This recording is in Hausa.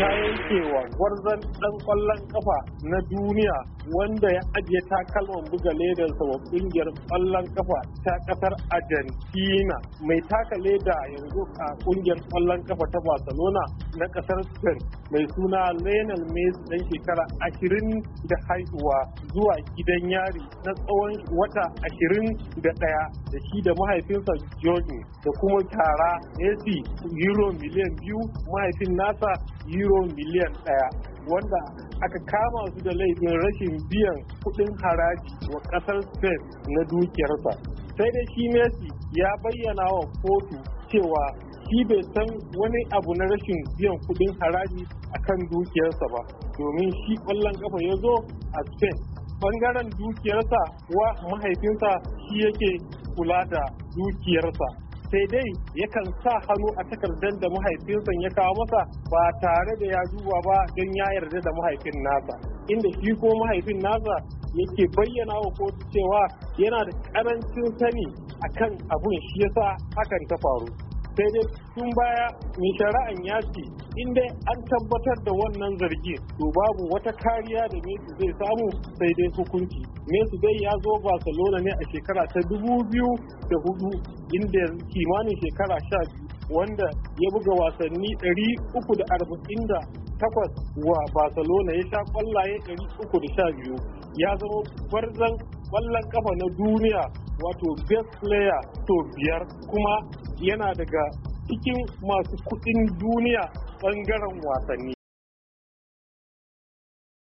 ta wa gwarzon dan kwallon kafa na duniya wanda ya ajiye takalman buga ledarsa wa kungiyar kwallon kafa ta kasar Argentina mai taka leda yanzu a kungiyar kwallon kafa ta Barcelona na kasar Spain mai suna Lionel Messi dan shekara ashirin da haihuwa zuwa gidan yari na tsawon wata ashirin da ɗaya da shi da mahaifinsa Jordan da kuma tara Messi euro miliyan biyu mahaifin nasa euro miliyan ɗaya wanda aka kama su da laifin rashin biyan kuɗin haraji wa ƙasar Spain na dukiyarsa. Sai dai shi Messi ya bayyana wa kotu cewa shi bai san wani abu na rashin biyan kudin haraji a kan dukiyarsa ba domin shi ƙwallon ƙafa ya zo a spain bangaren dukiyarsa wa mahaifinsa shi yake kula da dukiyarsa sai dai yakan sa hannu a takardar da mahaifinsa ya kawo masa ba tare da ya duba ba don ya yarda da mahaifin nasa inda shi ko mahaifin nasa yake bayyana wa kotu cewa yana da karancin sani akan abun shi yasa hakan ta faru sai dai tun baya mai shari'an ya ce in dai an tabbatar da wannan zargin to babu wata kariya da Messi zai samu sai dai hukunci Messi dai ya zo Barcelona ne a shekara ta dubu biyu da hudu inda kimanin shekara sha biyu wanda ya buga wasanni arba'in da takwas wa barcelona ya sha kwallaye ɗari uku da sha biyu ya zama gwarzon kwallon kafa na duniya wato best player to biyar kuma yana daga cikin masu kuɗin duniya ɓangaren wasanni